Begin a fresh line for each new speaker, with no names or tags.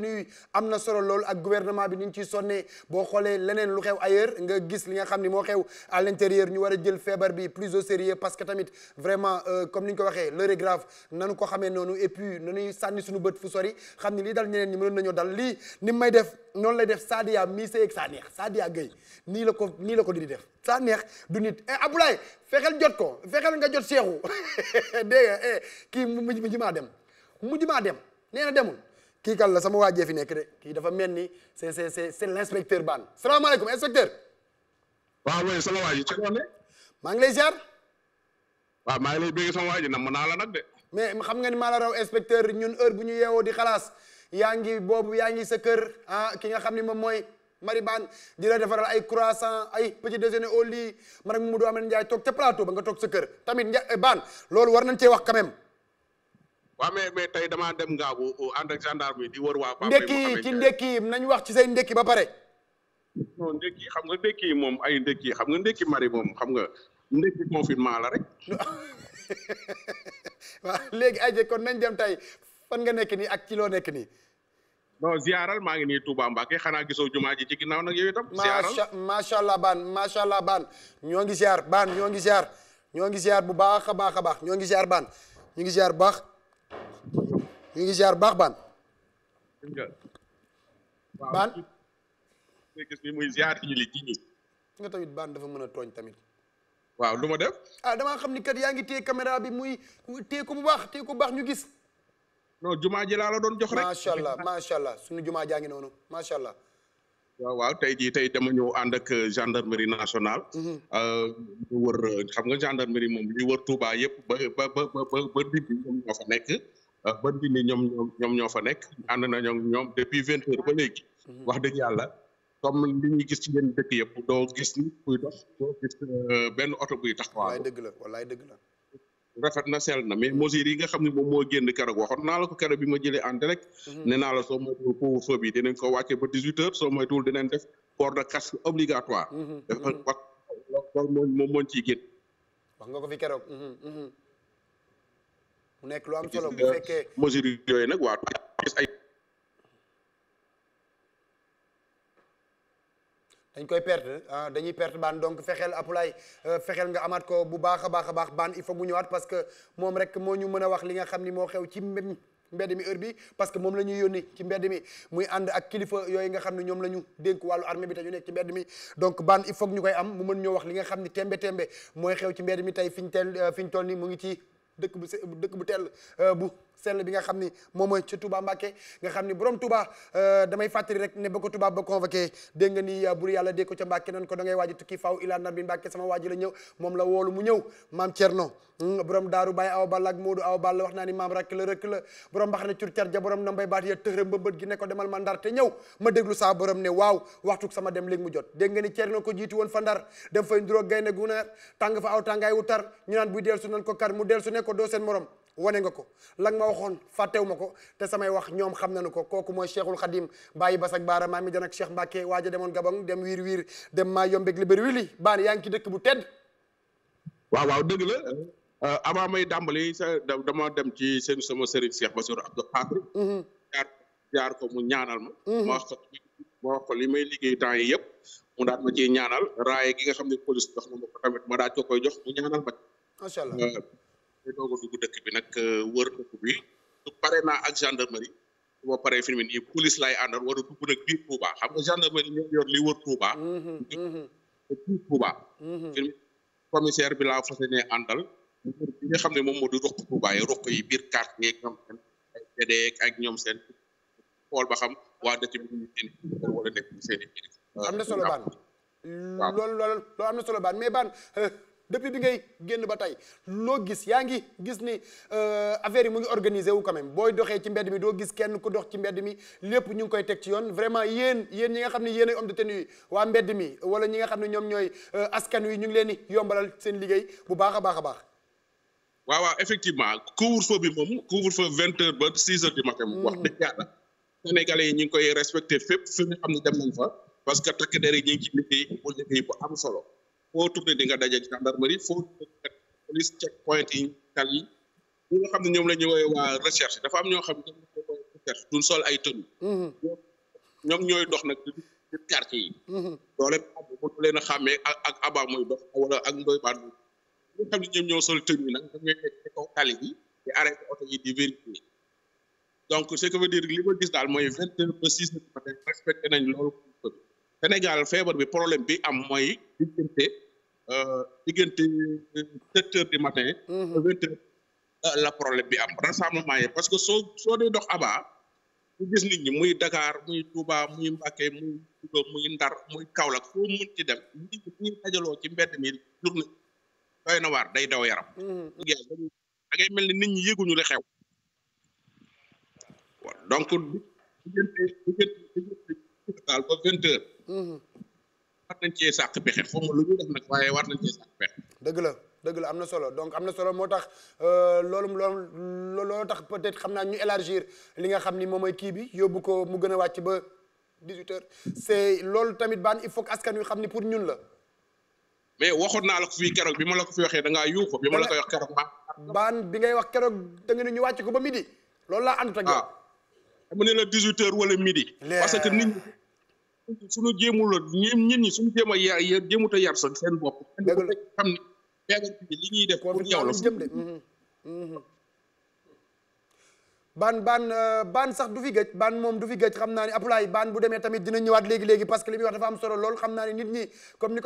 nu am na solo loolu ak gouvernement bi ni ñu ciy sonnee boo xoolee leneen lu xew ailleurs nga gis li nga xam ni moo xew à l'intérieur ñu war a jël feebar bi plus au sérieux parce que tamit vraiment euh, comme ni ñu ko waxee l'heure est grave nanu ko xamee noonu et puis nanuy sànni suñu bët fu sori xam ni lii dal ñeneen ñi mënoon nañoo dal lii ni may def noonu lay def Sadia mii sëy ak Saneex Sadia Gueye nii la ko nii la ko di def Saneex du nit e fexeel jot ko fexeel nga jot Cheikhou dégg nga eh, kii mujj maa dem mujj maa dem na demul kii kan la sama waajee fi nekk de kii dafa mel ni c'est c'est c'est l'inspecteur Ban salaamaaleykum inspecteur. waaw oui sama waa ji ci maa ngi lay ziar. waaw maa ngi lay bëgg sama waa ji namm naa la nag de. mais xam nga ni maa la raw inspecteur ñun heure bu ñu yeewoo di xalaas yaa ngi boobu yaa ngi sa kër ah ki nga xam ni moom mooy mari Ban di la defaral ay croissant ay petit déjeuner au lit man ak am Amane Ndiaye toog ca plateau ba nga toog sa kër tamit Ban loolu war nañ cee wax quand
waa mais mais tey damaa dem ngaabu euh, ànd ak gendarme yi di wër waa. Pape ndekki yi ci ndekki
yi nañu wax ci say ndekki ba pare.
non xam nga ndekki yi moom ay ndekki xam nga ndekki mari moom xam nga ndekki la rek.
waaw léegi aje kon nañ dem tey fan nga nekk nii ak ci loo nekk nii.
non ziaral maa ngi nii Touba Mbacké xanaa gisoo jumaa ji ci ginnaaw nag yow itam. ziaral
macha allah baan macha allah baan ñoo ngi ziar baan ñoo ngi ziar ñoo ngi ziar bu baax a baax a baax ñoo ngi ziar baan ñu ngi ziar bu baax. ñu ngi baax
baan muy ziar ñu li ji
dafa mën a tooñ tamit waaw lu ma def ah xam ni kat yaa ngi téye caméra bi muy téye ko bu baax téye ko baax ñu gis non jumaa ji laa la doon jox rek macha allah macha allah suñu jumaa jaa ngi noonu macha allah
waaw waaw tey jii tey dama ñëw ànd ak euh, gendarmerie mhm. euh, euh, xam nga gendarmerie moom li wër Touba yëpp ba ba ba ba ba nit ñi nekk. Euh, ba Ndindi ñoom ñoom ñoo fa nekk na ñoom depuis vingt ba léegi. Mhm. wax dëgg yàlla comme li gis ci yenn dëkk yëpp doo gis ni kuy dox euh, benn oto buy taxawaaw. wallaay dëgg la wallaay dëgg la. rafet na sell na mais mhm. mesures yi nga xam ne moom moo génn keroog waxoon naa la ko keroog bi ma jëlee en direct. Mhm. nee naa la soo moytuwul couvre-feu bi dinañ ko wàccee ba dix huit heures soo moytuwul dinañ def port de casque obligatoire. dafa wax moom moom moo ciy génn.
wax nga ko fi keroog. mu nekk lu am solo bu fekkee
yooyu nag waa gis ay
dañ koy perte ah dañuy perte baan donc fexeel apulaay euh, fexeel nga amaat ko bu baax a baax a baax baan il faut ñëwaat parce que moom rek moo ñu mën a wax li nga xam ni moo xew ci mbedd mi heure bi parce que moom la ñuy yónni ci mbedd mi muy ànd ak kilifa yooyu nga xam ne ñoom lañu ñu dénk wàllu armée bi te ñu nekk ci mbedd mi donc ban i faut ñu koy am mu mën ñoo wax li nga xam ni tembe tembe mooy xew ci mbedd mi tey fi ñu euh, fi ñu toll nii mu ngi ci dëkk bu se dëkk bu tell euh, bu sell bi nga xam ni moom mooy ci Touba Mbacké nga xam ni borom Touba euh, damay fàttali rek ne ba ko Touba ba convoqué dégg nga ni euh, bur yàlla dee ko ca Mbacké nan ko da ngay waaji tukki faaw ilaa nabi Mbacké sama waaji la ñëw moom la woolu mu ñëw maam Thierno hmm, borom daaru Baye aw Balla ak Modou aw Balla wax naa ni maam rakk la rëkk la borom mbax ne cur carja borom na mbay baat ya tëxëram ba bët gi ne ko demal ma ndar te ñëw ma déglu saa borom ne waaw waxtu sama dem léegi mu jot dégg nga ni Thierno ko jiitu woon fa ndar dem fay nduróog gaynde gu ne tàng fa aw tàngaay wu tar ñu naan buy delsu nan ko kar mu delsu ne ko doo seen morom wane nga ko lan ma waxoon fàttewu ma ko te samay wax ñoom xam nañu ko kooku mooy cheikhul xadim bàyyi basak baara maa mi dan ak cheikh waaja demoon gabon dem wiir wiir dem maa yombeg libéri wili baan yaa ngi ci dëkk bu tedd waaw waaw dëgg la euh, avant may dàmbali
sa dama dem ci seen sama sëriñ cheikh Bassirou Abdou Khadre mhm. jaar jaar ko mu ñaanal ma mhm. ma wax ko li may liggéey temps yi yëpp mu daat ma ciy ñaanal raaye gi nga xam ne police jox na ma ko daat ko koy jox mu ñaanal ma
macha allah euh, day doog a
dëkk bi nag euh, wër dëkk bi su pare naa ak gendarmerie su ma paree fi mu nii police laay àndal war a dugg nag biir Touba xam nga gendarmerie ñoo yor li wër Touba. Mm-hmm, mm-hmm. Mm-hmm. commissaire bi la fas yéenee àndal. bi nga xam ne moom moo du roq Touba yi roq yi biir quartier yeeg ñoom seen ay ak ñoom seen xool ba xam waa dëkk bi ñu seen wala nekk seen i. am na solo baan
loolu am na solo mais baan. Euh, depuis bi ngay génn ba tey loo gis yaa ngi gis ni euh, affaire yi mu ngi organisé wu quand même booy doxee ci mbedd mi doo gis kenn ku dox ci mbedd mi lépp ñu ngi koy teg ci yoon vraiment yéen yéen ñi nga xam ne yéen ay homme de waa mbedd mi wala ñi nga xam ne ñoom ñooy euh, askan wi ñu ngi leen di yombalal seen liggéey bu baax a baax a baax.
waaw waaw effectivement couvre-feu bi moom couvre-feu vingt heures ba six heures du matin moom wax mm. dëgg yàlla sénégalais yi ñu ngi koy respecté fépp fi nga xam ne dem nañ que takk der yi ñu ngi ci liggéey am solo foo tuddee di nga daje gendarmerie foo tuddee police check point yi kal yi ñi nga xam ne ñoom la ñuy woowee waa recherche dafa am ñoo xam ne recherche sol ay tenue mm-hmm. ñoom ñooy dox nag ci quartier yi mm-hmm. a aba muy dox ak ndoy baan ñi nga xam ne ñoom ñoo sol tenue nag ñoom ñooy di arrêté oto yi di vérifier donc ce que veut dire li gis daal mooy vingt heures ba six heures nañ loolu Sénégal feebar bi problème bi am mooy diggante sept heures du matin. bi am rassemblement parce que soo soo dee dox abaa bu gis nit ñi muy Dakar muy Touba muy Mbacké muy Louga muy Ndar foo mun ci dem nit ñi ci mbedd mi journée doy na waar day daw yaram. da ngay mel ni nit ñi yëguñu li xew. donc diggante diggante diggante daal ba vingt war nañ cee sàq pexe xaw ma lu
ñuy def nag waaye war nañ cee sàq pexe. dëgg la dëgg la am na solo donc am na solo moo tax euh, loolu loolu loolu tax peut-être xam naa ñu élargir li nga xam ni moom mooy kii bi yóbbu ko mu gën a wàcc ba 18 heures loolu tamit baan il faut askan wi xam ni pour ñun la.
mais waxoon naa la ko fii keroog bi ma la ko fi waxee da ngaa yuuxu bi ma la koy wax keroog ma.
baan bi ngay wax da nga ni ñu wàcc ko ba midi. loolu laa ànd ak yow. Ah. mu ne la 18 heures wala
midi. parce que nit suñu jéemul ñun ñun ñi suñu jéem a yar yar jéemut a yar
so seen bopp. dëgg la ñuy def pour yow la. baan baan baan sax du fi gëj baan moom du fi gëj xam naa ne apulaay baan bu demee tamit dina ñëwaat léegi léegi parce que li muy wax dafa am solo lool xam naa ne nit ñi comme ni